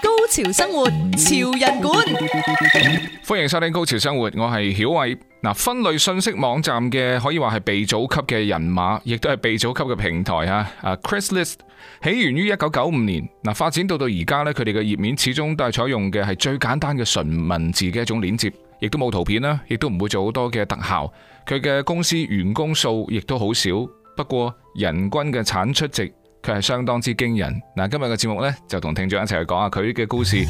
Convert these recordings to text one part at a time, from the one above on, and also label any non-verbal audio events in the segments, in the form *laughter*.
高潮生活，潮人館。 *music* 歡迎收聽高潮生活，我係曉偉。嗱、啊，分類信息網站嘅可以話係鼻祖級嘅人馬，亦都係鼻祖級嘅平台啊。啊，Chrislist 起源於一九九五年，嗱、啊、發展到到而家咧，佢哋嘅頁面始終都係採用嘅係最簡單嘅純文字嘅一種鏈接，亦都冇圖片啦，亦都唔會做好多嘅特效。佢嘅公司員工數亦都好少。不過人均嘅產出值卻係相當之驚人。嗱，今日嘅節目呢，就同聽眾一齊去講下佢嘅故事。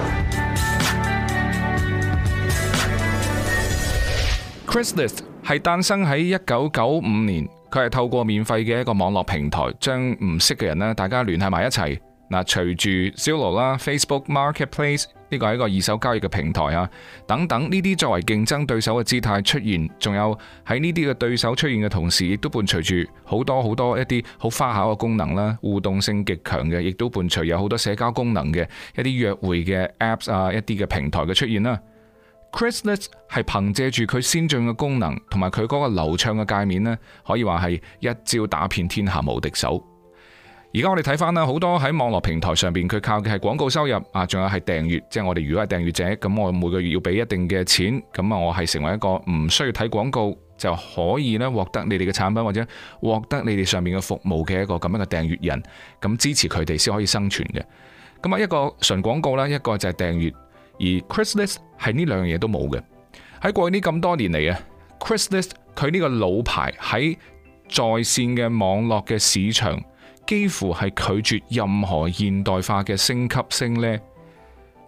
*music* Craigslist 係誕生喺一九九五年，佢係透過免費嘅一個網絡平台，將唔識嘅人咧大家聯繫埋一齊。嗱，隨住 Zillow 啦、Facebook Marketplace。呢個係一個二手交易嘅平台啊，等等呢啲作為競爭對手嘅姿態出現，仲有喺呢啲嘅對手出現嘅同時，亦都伴隨住好多好多一啲好花巧嘅功能啦，互動性極強嘅，亦都伴隨有好多社交功能嘅一啲約會嘅 Apps 啊，一啲嘅平台嘅出現啦。Craigslist 係憑借住佢先進嘅功能同埋佢嗰個流暢嘅界面呢，可以話係一招打遍天下無敵手。而家我哋睇翻啦，好多喺網絡平台上邊，佢靠嘅係廣告收入啊，仲有係訂閱，即係我哋如果係訂閱者，咁我每個月要俾一定嘅錢，咁啊，我係成為一個唔需要睇廣告就可以咧獲得你哋嘅產品或者獲得你哋上面嘅服務嘅一個咁樣嘅訂閱人，咁支持佢哋先可以生存嘅。咁啊，一個純廣告啦，一個就係訂閱，而 Chrislist 係呢兩樣嘢都冇嘅。喺過去呢咁多年嚟啊，Chrislist 佢呢個老牌喺在,在線嘅網絡嘅市場。幾乎係拒絕任何現代化嘅升級升呢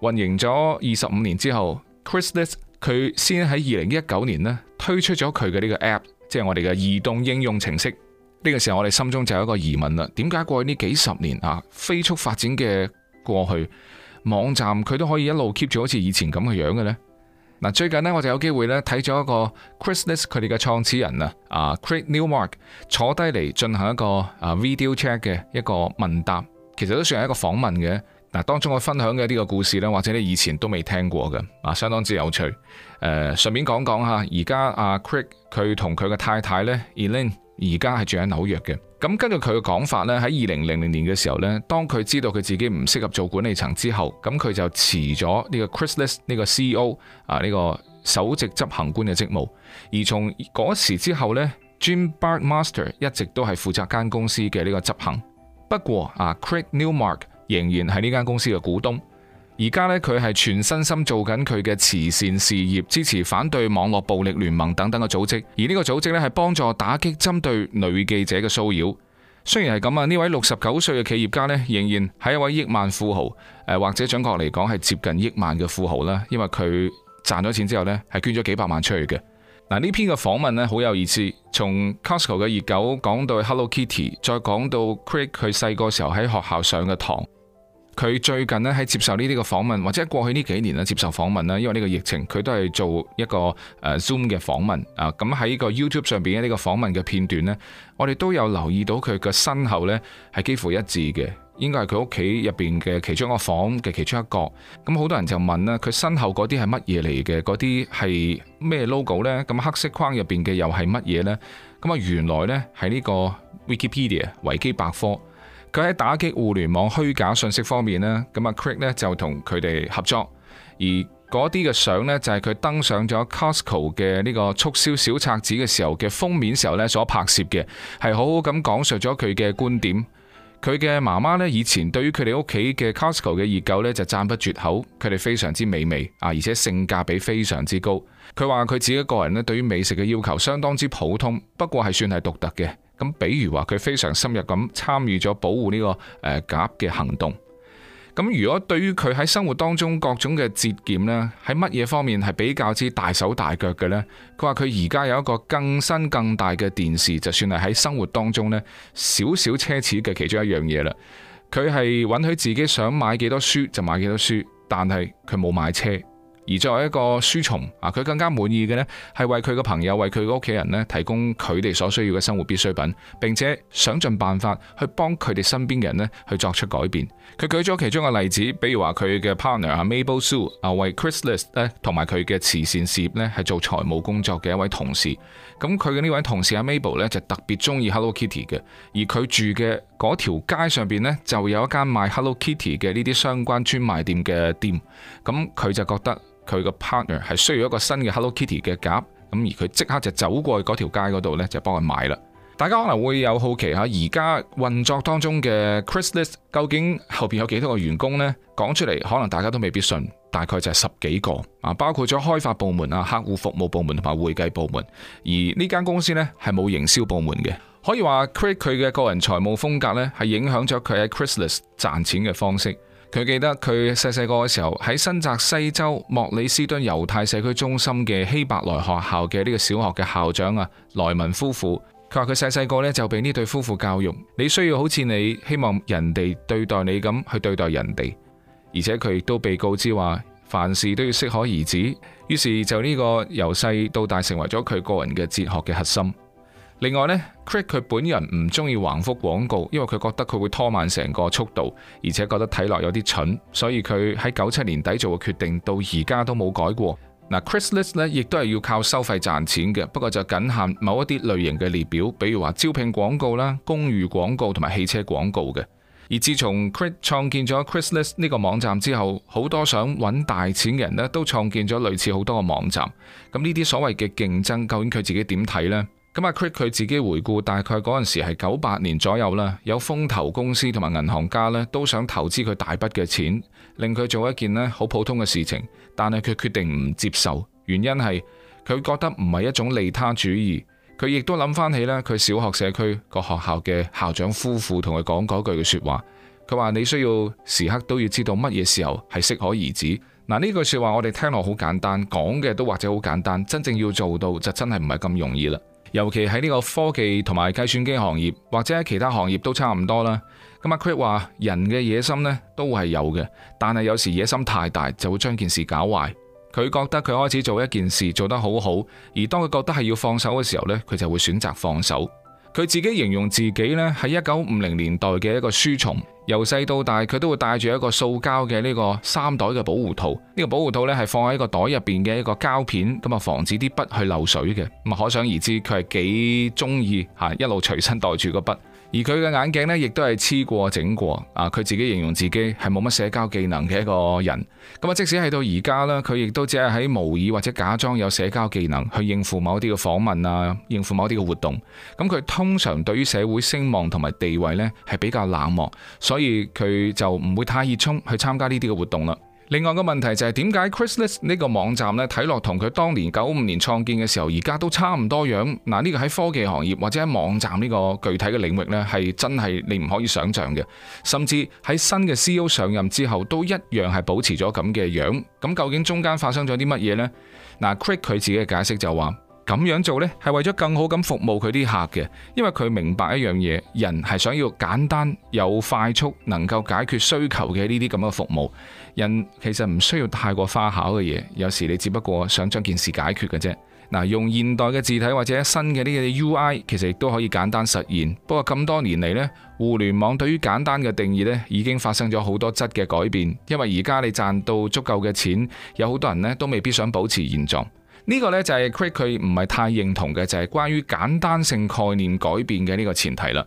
運營咗二十五年之後 Craigslist 佢先喺二零一九年咧推出咗佢嘅呢個 app，即係我哋嘅移動應用程式。呢個時候我哋心中就有一個疑問啦，點解過去呢幾十年啊飛速發展嘅過去網站佢都可以一路 keep 住好似以前咁嘅樣嘅呢？嗱，最近咧我就有機會咧睇咗一個 Craigslist 佢哋嘅創始人啊，啊 Craig Newmark 坐低嚟進行一個啊 video chat 嘅一個問答，其實都算係一個訪問嘅。嗱，當中我分享嘅呢個故事呢，或者你以前都未聽過嘅，啊，相當之有趣。誒、呃，順便講講下，而家啊 Craig 佢同佢嘅太太呢 Eileen 而家係住喺紐約嘅。咁根據佢嘅講法咧，喺二零零零年嘅時候咧，當佢知道佢自己唔適合做管理層之後，咁佢就辭咗呢個 Craigslist 呢個 CEO 啊呢個首席執行官嘅職務。而從嗰時之後咧，Jim Bartmaster 一直都係負責間公司嘅呢個執行。不過啊，Craig Newmark 仍然係呢間公司嘅股東。而家咧，佢係全身心做緊佢嘅慈善事業，支持反對網絡暴力聯盟等等嘅組織。而呢個組織咧，係幫助打擊針對女記者嘅騷擾。雖然係咁啊，呢位六十九歲嘅企業家呢，仍然係一位億萬富豪，誒或者準確嚟講係接近億萬嘅富豪啦，因為佢賺咗錢之後呢，係捐咗幾百萬出去嘅。嗱，呢篇嘅訪問呢，好有意思，從 Costco 嘅熱狗講到 Hello Kitty，再講到 Craig 佢細個時候喺學校上嘅堂。佢最近咧喺接受呢啲嘅訪問，或者喺過去呢幾年咧接受訪問咧，因為呢個疫情，佢都係做一個誒 Zoom 嘅訪問啊。咁喺個 YouTube 上邊呢個訪問嘅片段呢，我哋都有留意到佢嘅身後呢係幾乎一致嘅，應該係佢屋企入邊嘅其中一個房嘅其中一個。咁好多人就問啦，佢身後嗰啲係乜嘢嚟嘅？嗰啲係咩 logo 呢？咁黑色框入邊嘅又係乜嘢呢？咁啊，原來呢，係呢個 Wikipedia 維基百科。佢喺打擊互聯網虛假信息方面呢，咁啊，Craig 呢就同佢哋合作，而嗰啲嘅相呢，就係佢登上咗 Costco 嘅呢個促銷小冊子嘅時候嘅封面時候呢，所拍攝嘅，係好好咁講述咗佢嘅觀點。佢嘅媽媽呢，以前對於佢哋屋企嘅 Costco 嘅熱狗呢，就讚不絕口，佢哋非常之美味啊，而且性價比非常之高。佢話佢自己個人呢對於美食嘅要求相當之普通，不過係算係獨特嘅。咁，比如話佢非常深入咁參與咗保護呢、這個誒甲嘅行動。咁如果對於佢喺生活當中各種嘅節儉呢，喺乜嘢方面係比較之大手大腳嘅呢？佢話佢而家有一個更新更大嘅電視，就算係喺生活當中呢，少少奢侈嘅其中一樣嘢啦。佢係允許自己想買幾多書就買幾多書，但係佢冇買車。而作為一個書蟲啊，佢更加滿意嘅呢，係為佢嘅朋友、為佢嘅屋企人呢，提供佢哋所需要嘅生活必需品，並且想盡辦法去幫佢哋身邊嘅人呢，去作出改變。佢舉咗其中嘅例子，比如話佢嘅 partner 阿 Mabel Sue 啊，為 Christmas 咧，同埋佢嘅慈善事業呢，係做財務工作嘅一位同事。咁佢嘅呢位同事阿 Mabel 呢，就特別中意 Hello Kitty 嘅，而佢住嘅嗰條街上邊呢，就有一間賣 Hello Kitty 嘅呢啲相關專賣店嘅店。咁佢就覺得。佢個 partner 係需要一個新嘅 Hello Kitty 嘅夾，咁而佢即刻就走過去嗰條街嗰度呢，就幫佢買啦。大家可能會有好奇嚇，而家運作當中嘅 Craigslist 究竟後邊有幾多個員工呢？講出嚟可能大家都未必信，大概就係十幾個啊，包括咗開發部門啊、客戶服務部門同埋會計部門。而呢間公司呢，係冇營銷部門嘅，可以話 Craig 佢嘅個人財務風格呢，係影響咗佢喺 Craigslist 賺錢嘅方式。佢記得佢細細個嘅時候喺新澤西州莫里斯敦猶太社區中心嘅希伯來學校嘅呢個小學嘅校長啊，萊文夫婦。佢話佢細細個呢就俾呢對夫婦教育，你需要好似你希望人哋對待你咁去對待人哋，而且佢亦都被告知話凡事都要適可而止。於是就呢個由細到大成為咗佢個人嘅哲學嘅核心。另外呢 Craig 佢本人唔中意橫幅廣告，因為佢覺得佢會拖慢成個速度，而且覺得睇落有啲蠢，所以佢喺九七年底做嘅決定到而家都冇改過。嗱，Craigslist 呢亦都係要靠收費賺錢嘅，不過就僅限某一啲類型嘅列表，比如話招聘廣告啦、公寓廣告同埋汽車廣告嘅。而自從 Craig 創建咗 Craigslist 呢個網站之後，好多想揾大錢嘅人呢都創建咗類似好多個網站。咁呢啲所謂嘅競爭，究竟佢自己點睇呢？咁啊 Crick 佢自己回顧，大概嗰陣時係九八年左右啦。有風投公司同埋銀行家咧，都想投資佢大筆嘅錢，令佢做一件咧好普通嘅事情。但係佢決定唔接受，原因係佢覺得唔係一種利他主義。佢亦都諗翻起咧，佢小學社區個學校嘅校長夫婦同佢講嗰句嘅說話，佢話你需要時刻都要知道乜嘢時候係適可而止。嗱，呢句說話我哋聽落好簡單，講嘅都或者好簡單，真正要做到就真係唔係咁容易啦。尤其喺呢個科技同埋計算機行業，或者其他行業都差唔多啦。咁、啊、阿 Quip 話：人嘅野心呢都係有嘅，但係有時野心太大就會將件事搞壞。佢覺得佢開始做一件事做得好好，而當佢覺得係要放手嘅時候呢，佢就會選擇放手。佢自己形容自己呢喺一九五零年代嘅一個書蟲。由細到大，佢都會帶住一個塑膠嘅呢個三袋嘅保護套。呢個保護套呢，係放喺個袋入邊嘅一個膠片，咁啊防止啲筆去漏水嘅。咁啊可想而知，佢係幾中意嚇一路隨身袋住個筆。而佢嘅眼鏡呢，亦都係黐過整過。啊，佢自己形容自己係冇乜社交技能嘅一個人。咁啊，即使係到而家呢，佢亦都只係喺模擬或者假裝有社交技能去應付某啲嘅訪問啊，應付某啲嘅活動。咁佢通常對於社會聲望同埋地位呢，係比較冷漠。所以佢就唔會太熱衷去參加呢啲嘅活動啦。另外個問題就係點解 Craigslist 呢個網站呢，睇落同佢當年九五年創建嘅時候而家都差唔多樣嗱？呢個喺科技行業或者喺網站呢個具體嘅領域呢，係真係你唔可以想象嘅，甚至喺新嘅 CEO 上任之後都一樣係保持咗咁嘅樣。咁究竟中間發生咗啲乜嘢呢？嗱，Craig 佢自己嘅解釋就話。咁樣做呢，係為咗更好咁服務佢啲客嘅，因為佢明白一樣嘢，人係想要簡單又快速能夠解決需求嘅呢啲咁嘅服務。人其實唔需要太過花巧嘅嘢，有時你只不過想將件事解決嘅啫。嗱，用現代嘅字體或者新嘅呢啲 UI，其實亦都可以簡單實現。不過咁多年嚟呢，互聯網對於簡單嘅定義呢已經發生咗好多質嘅改變，因為而家你賺到足夠嘅錢，有好多人呢都未必想保持現狀。呢個呢，就係 Craig。佢唔係太認同嘅，就係、是、關於簡單性概念改變嘅呢個前提啦。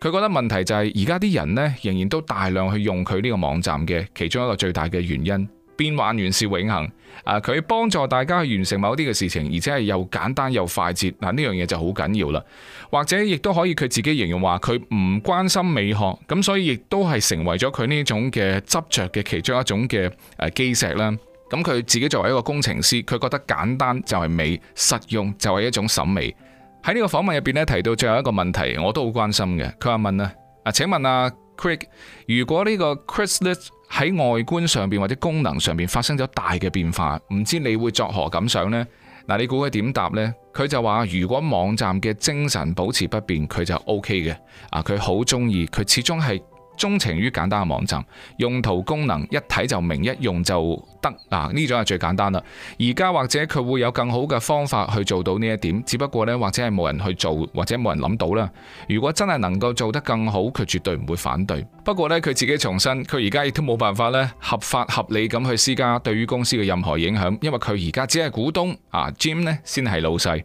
佢覺得問題就係而家啲人呢，仍然都大量去用佢呢個網站嘅其中一個最大嘅原因，變幻原是永恆。啊，佢幫助大家去完成某啲嘅事情，而且係又簡單又快捷。嗱、啊，呢樣嘢就好緊要啦。或者亦都可以佢自己形容話，佢唔關心美學，咁所以亦都係成為咗佢呢種嘅執着嘅其中一種嘅誒、啊、基石啦。咁佢自己作為一個工程師，佢覺得簡單就係美，實用就係一種審美。喺呢個訪問入邊呢，提到最後一個問題，我都好關心嘅。佢話問，問啊，啊請問啊 Craig 如果呢個 Craigslist 喺外觀上邊或者功能上邊發生咗大嘅變化，唔知你會作何感想呢？嗱，你估佢點答呢？」佢就話：如果網站嘅精神保持不變，佢就 OK 嘅。啊，佢好中意，佢始終係。鍾情於簡單嘅網站，用途功能一睇就明，一用就得。嗱、啊、呢種係最簡單啦。而家或者佢會有更好嘅方法去做到呢一點，只不過呢，或者係冇人去做，或者冇人諗到啦。如果真係能夠做得更好，佢絕對唔會反對。不過呢，佢自己重申，佢而家亦都冇辦法呢，合法合理咁去施加對於公司嘅任何影響，因為佢而家只係股東。啊，Jim 呢，先係老細。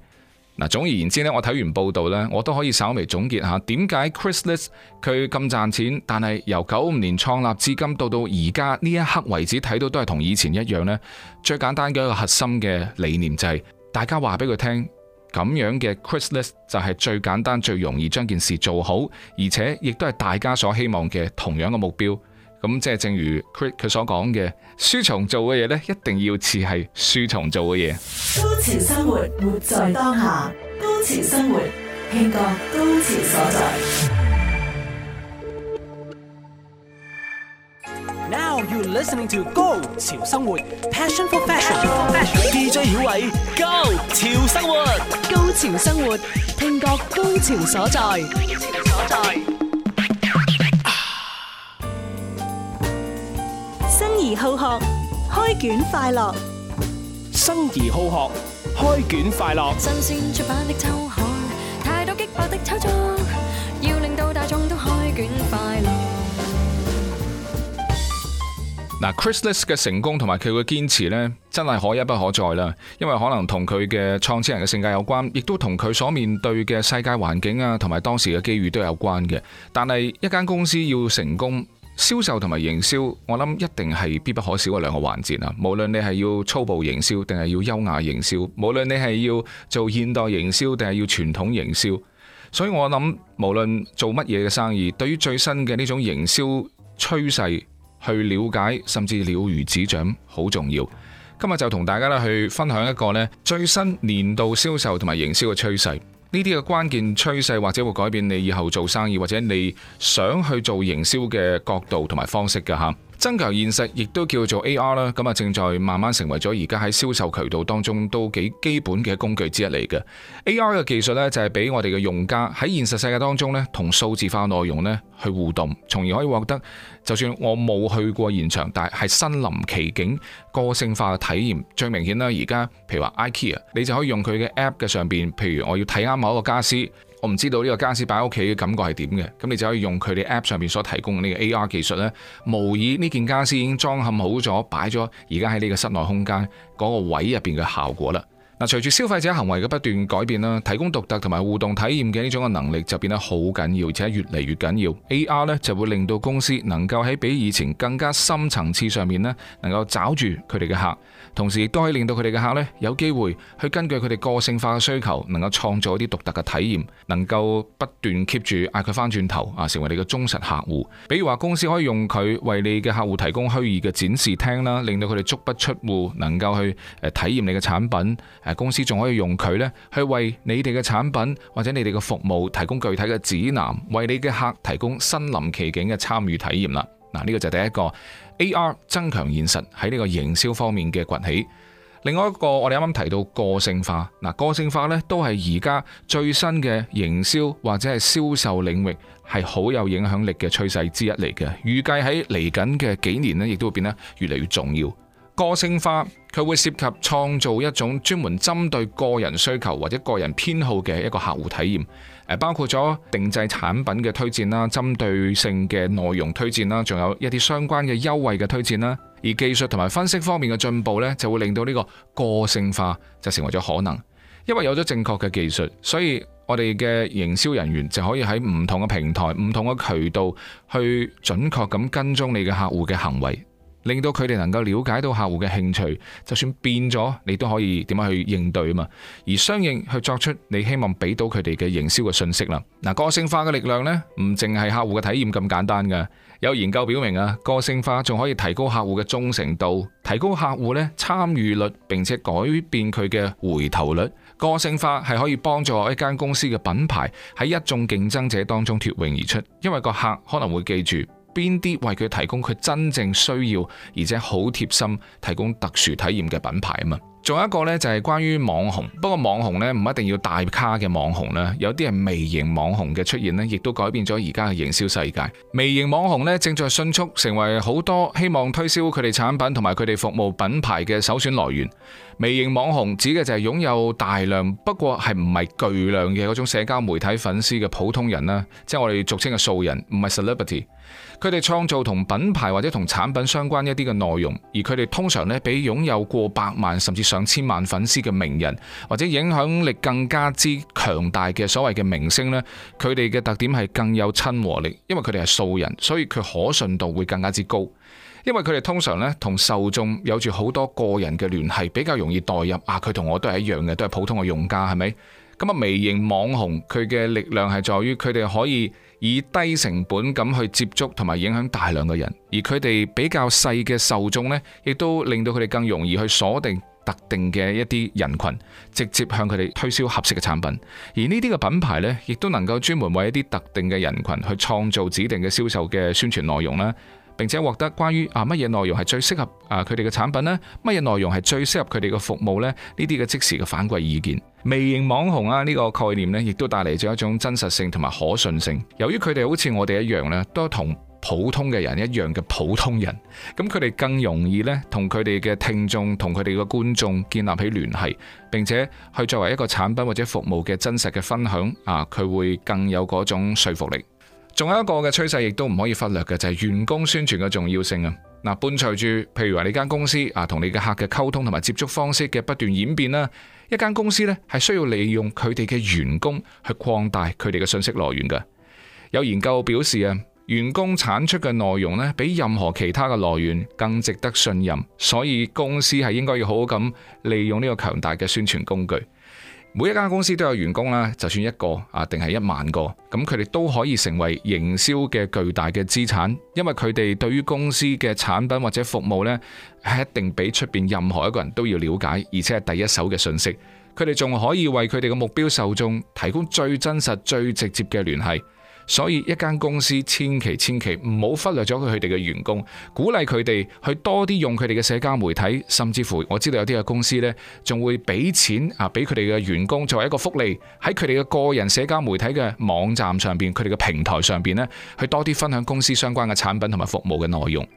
嗱，總而言之咧，我睇完報道咧，我都可以稍微總結下點解 Chrislist 佢咁賺錢，但係由九五年創立至今到到而家呢一刻為止，睇到都係同以前一樣呢，最簡單嘅一個核心嘅理念就係大家話俾佢聽，咁樣嘅 Chrislist 就係最簡單、最容易將件事做好，而且亦都係大家所希望嘅同樣嘅目標。咁即係正如 Craig 佢佢所講嘅，書蟲做嘅嘢咧，一定要似係書蟲做嘅嘢。高潮生活，活在當下。高潮生活，聽覺高潮所在。Now you listening to 高潮生活，Passion for Fashion。DJ 曉偉，高潮生活，高潮，潮生活，高潮生活，聽覺高潮所在。高潮所在生而好學，開卷快樂。生而好學，開卷快樂。新鮮出版秋的周刊，太多激烈的炒作，要令到大眾都開卷快樂。嗱 Craigslist 嘅成功同埋佢嘅堅持呢，真係可一不可再啦。因為可能同佢嘅創始人嘅性格有關，亦都同佢所面對嘅世界環境啊，同埋當時嘅機遇都有關嘅。但係一間公司要成功，銷售同埋營銷，我諗一定係必不可少嘅兩個環節啦。無論你係要粗暴營銷，定係要優雅營銷，無論你係要做現代營銷，定係要傳統營銷。所以我諗，無論做乜嘢嘅生意，對於最新嘅呢種營銷趨勢去了解，甚至了如指掌，好重要。今日就同大家咧去分享一個咧最新年度銷售同埋營銷嘅趨勢。呢啲嘅關鍵趨勢，或者會改變你以後做生意，或者你想去做營銷嘅角度同埋方式㗎嚇。增強現實亦都叫做 AR 啦，咁啊正在慢慢成為咗而家喺銷售渠道當中都幾基本嘅工具之一嚟嘅。AR 嘅技術咧就係俾我哋嘅用家喺現實世界當中咧同數字化內容咧去互動，從而可以獲得就算我冇去過現場，但係身臨其境個性化嘅體驗。最明顯啦，而家譬如話 IKEA，你就可以用佢嘅 App 嘅上邊，譬如我要睇啱某一個傢俬。我唔知道呢個傢俬擺喺屋企嘅感覺係點嘅，咁你就可以用佢哋 APP 上面所提供嘅呢個 AR 技術咧，模擬呢件傢俬已經裝嵌好咗，擺咗而家喺呢個室內空間嗰個位入邊嘅效果啦。嗱，隨住消費者行為嘅不斷改變啦，提供獨特同埋互動體驗嘅呢種嘅能力就變得好緊要，而且越嚟越緊要。AR 呢就會令到公司能夠喺比以前更加深層次上面呢，能夠找住佢哋嘅客，同時亦都可以令到佢哋嘅客呢有機會去根據佢哋個性化嘅需求，能夠創造一啲獨特嘅體驗，能夠不斷 keep 住嗌佢翻轉頭啊，成為你嘅忠實客戶。比如話，公司可以用佢為你嘅客戶提供虛擬嘅展示廳啦，令到佢哋足不出戶，能夠去誒體驗你嘅產品。公司仲可以用佢咧，去為你哋嘅產品或者你哋嘅服務提供具體嘅指南，為你嘅客提供身臨其境嘅參與體驗啦。嗱，呢個就第一個 AR 增強現實喺呢個營銷方面嘅崛起。另外一個我哋啱啱提到個性化，嗱，個性化咧，都係而家最新嘅營銷或者係銷售領域係好有影響力嘅趨勢之一嚟嘅，預計喺嚟緊嘅幾年呢，亦都會變得越嚟越重要。個性化，佢會涉及創造一種專門針對個人需求或者個人偏好嘅一個客戶體驗，誒，包括咗定製產品嘅推薦啦，針對性嘅內容推薦啦，仲有一啲相關嘅優惠嘅推薦啦。而技術同埋分析方面嘅進步咧，就會令到呢個個性化就成為咗可能。因為有咗正確嘅技術，所以我哋嘅營銷人員就可以喺唔同嘅平台、唔同嘅渠道去準確咁跟蹤你嘅客戶嘅行為。令到佢哋能夠了解到客戶嘅興趣，就算變咗，你都可以點樣去應對啊嘛？而相應去作出你希望俾到佢哋嘅營銷嘅信息啦。嗱，個性化嘅力量呢，唔淨係客戶嘅體驗咁簡單㗎。有研究表明啊，個性化仲可以提高客戶嘅忠誠度，提高客戶呢參與率，並且改變佢嘅回頭率。個性化係可以幫助一間公司嘅品牌喺一眾競爭者當中脫穎而出，因為個客可能會記住。邊啲為佢提供佢真正需要而且好貼心提供特殊體驗嘅品牌啊嘛？仲有一個呢，就係關於網紅，不過網紅呢，唔一定要大咖嘅網紅啦，有啲係微型網紅嘅出現呢，亦都改變咗而家嘅營銷世界。微型網紅呢，正在迅速成為好多希望推銷佢哋產品同埋佢哋服務品牌嘅首選來源。微型網紅指嘅就係擁有大量不過係唔係巨量嘅嗰種社交媒體粉絲嘅普通人啦，即係我哋俗稱嘅素人，唔係 celebrity。佢哋創造同品牌或者同產品相關一啲嘅內容，而佢哋通常呢，比擁有過百萬甚至上千萬粉絲嘅名人或者影響力更加之強大嘅所謂嘅明星呢，佢哋嘅特點係更有親和力，因為佢哋係素人，所以佢可信度會更加之高，因為佢哋通常呢，同受眾有住好多個人嘅聯繫，比較容易代入啊。佢同我都係一樣嘅，都係普通嘅用家，係咪？咁啊，微型網紅佢嘅力量係在於佢哋可以，以低成本咁去接觸同埋影響大量嘅人，而佢哋比較細嘅受眾呢，亦都令到佢哋更容易去鎖定特定嘅一啲人群，直接向佢哋推銷合適嘅產品。而呢啲嘅品牌呢，亦都能夠專門為一啲特定嘅人群去創造指定嘅銷售嘅宣傳內容啦。並且獲得關於啊乜嘢內容係最適合啊佢哋嘅產品呢？乜嘢內容係最適合佢哋嘅服務呢？呢啲嘅即時嘅反饋意見。微型網紅啊呢個概念呢，亦都帶嚟咗一種真實性同埋可信性。由於佢哋好似我哋一樣呢，都同普通嘅人一樣嘅普通人，咁佢哋更容易呢，同佢哋嘅聽眾同佢哋嘅觀眾建立起聯繫，並且去作為一個產品或者服務嘅真實嘅分享啊，佢會更有嗰種說服力。仲有一個嘅趨勢，亦都唔可以忽略嘅就係員工宣傳嘅重要性啊。嗱，伴隨住譬如話你間公司啊，同你嘅客嘅溝通同埋接觸方式嘅不斷演變啦。一間公司咧，係需要利用佢哋嘅員工去擴大佢哋嘅信息來源嘅。有研究表示啊，員工產出嘅內容咧，比任何其他嘅來源更值得信任，所以公司係應該要好好咁利用呢個強大嘅宣傳工具。每一間公司都有員工啦，就算一個啊，定係一萬個，咁佢哋都可以成為營銷嘅巨大嘅資產，因為佢哋對於公司嘅產品或者服務呢，係一定比出邊任何一個人都要了解，而且係第一手嘅信息。佢哋仲可以為佢哋嘅目標受眾提供最真實、最直接嘅聯繫。所以一間公司千祈千祈唔好忽略咗佢哋嘅員工，鼓勵佢哋去多啲用佢哋嘅社交媒體，甚至乎我知道有啲嘅公司呢，仲會俾錢啊俾佢哋嘅員工作為一個福利，喺佢哋嘅個人社交媒體嘅網站上邊，佢哋嘅平台上邊呢，去多啲分享公司相關嘅產品同埋服務嘅內容。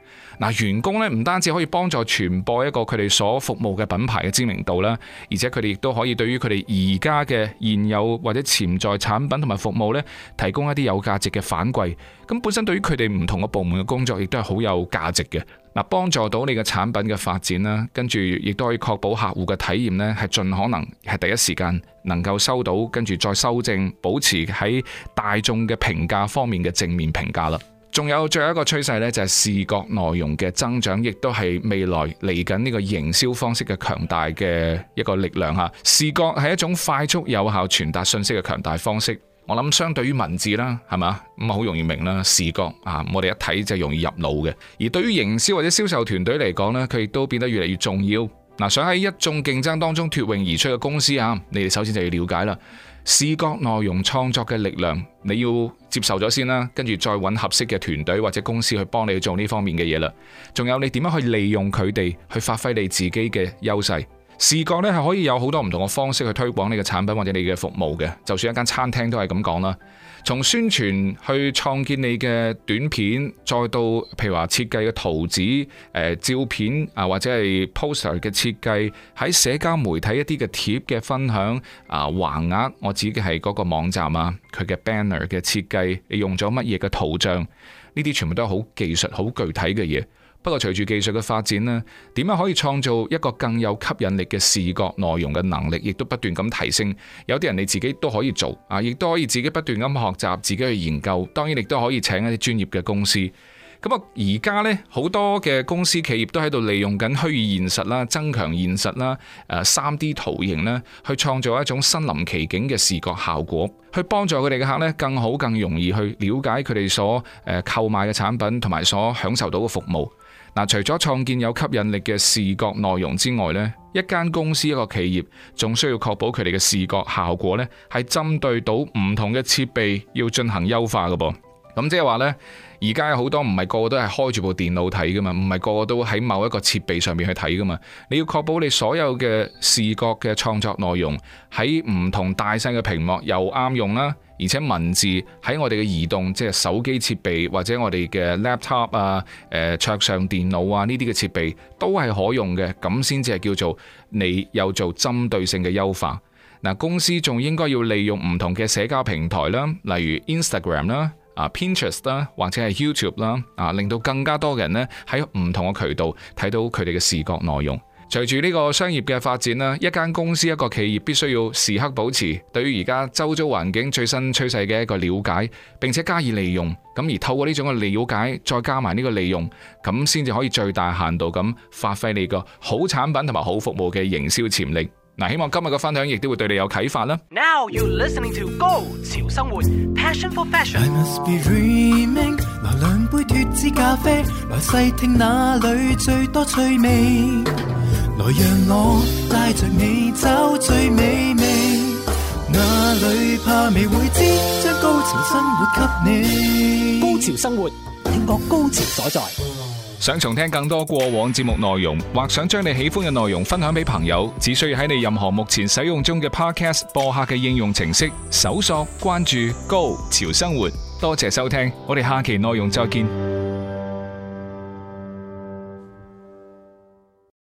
嗱，員工咧，唔單止可以幫助傳播一個佢哋所服務嘅品牌嘅知名度啦，而且佢哋亦都可以對於佢哋而家嘅現有或者潛在產品同埋服務咧，提供一啲有價值嘅反饋。咁本身對於佢哋唔同嘅部門嘅工作，亦都係好有價值嘅。嗱，幫助到你嘅產品嘅發展啦，跟住亦都可以確保客戶嘅體驗呢，係盡可能係第一時間能夠收到，跟住再修正，保持喺大眾嘅評價方面嘅正面評價啦。仲有最後一個趨勢呢，就係視覺內容嘅增長，亦都係未來嚟緊呢個營銷方式嘅強大嘅一個力量吓。視覺係一種快速有效傳達信息嘅強大方式。我諗相對於文字啦，係嘛，咁啊好容易明啦。視覺啊，我哋一睇就容易入腦嘅。而對於營銷或者銷售團隊嚟講呢，佢亦都變得越嚟越重要。嗱，想喺一眾競爭當中脫穎而出嘅公司啊，你哋首先就要了解啦。視覺內容創作嘅力量，你要接受咗先啦，跟住再揾合適嘅團隊或者公司去幫你做呢方面嘅嘢啦。仲有，你點樣去利用佢哋去發揮你自己嘅優勢？視覺咧係可以有好多唔同嘅方式去推廣你嘅產品或者你嘅服務嘅，就算一間餐廳都係咁講啦。從宣傳去創建你嘅短片，再到譬如話設計嘅圖紙、呃、照片啊，或者係 poster 嘅設計，喺社交媒體一啲嘅貼嘅分享啊、橫額，我指嘅係嗰個網站啊，佢嘅 banner 嘅設計，你用咗乜嘢嘅圖像？呢啲全部都係好技術、好具體嘅嘢。不過隨住技術嘅發展呢，點樣可以創造一個更有吸引力嘅視覺內容嘅能力，亦都不斷咁提升。有啲人你自己都可以做啊，亦都可以自己不斷咁學習，自己去研究。當然，亦都可以請一啲專業嘅公司。咁啊，而家呢好多嘅公司企業都喺度利用緊虛擬現實啦、增強現實啦、三 D 圖形啦，去創造一種身臨其境嘅視覺效果，去幫助佢哋嘅客呢，更好、更容易去了解佢哋所誒購買嘅產品同埋所享受到嘅服務。嗱，除咗創建有吸引力嘅視覺內容之外呢，一間公司一個企業仲需要確保佢哋嘅視覺效果呢係針對到唔同嘅設備，要進行優化噶噃。咁即係話呢，而家好多唔係個個都係開住部電腦睇噶嘛，唔係個個都喺某一個設備上面去睇噶嘛。你要確保你所有嘅視覺嘅創作內容喺唔同大細嘅屏幕又啱用啦。而且文字喺我哋嘅移動，即係手機設備或者我哋嘅 laptop 啊，誒桌上電腦啊呢啲嘅設備都係可用嘅，咁先至係叫做你有做針對性嘅優化嗱。公司仲應該要利用唔同嘅社交平台啦，例如 Instagram 啦啊 Pinterest 啦或者係 YouTube 啦啊，令到更加多嘅人咧喺唔同嘅渠道睇到佢哋嘅視覺內容。隨住呢個商業嘅發展啦，一間公司一個企業必須要時刻保持對於而家周遭環境最新趨勢嘅一個了解，並且加以利用，咁而透過呢種嘅了解，再加埋呢個利用，咁先至可以最大限度咁發揮你個好產品同埋好服務嘅營銷潛力。嗱，希望今日嘅分享亦都會對你有啟發啦。Now you listening to 高潮生活，passion for fashion。I must be。來兩杯脫脂咖啡，來細聽哪裏最多趣味。來讓我帶着你找最美味，哪裏怕未會知，將高潮生活給你。高潮生活，聽過高潮所在。想重聽更多過往節目內容，或想將你喜歡嘅內容分享俾朋友，只需要喺你任何目前使用中嘅 Podcast 播客嘅應用程式搜索、關注“高潮生活”。多謝收聽，我哋下期內容再見。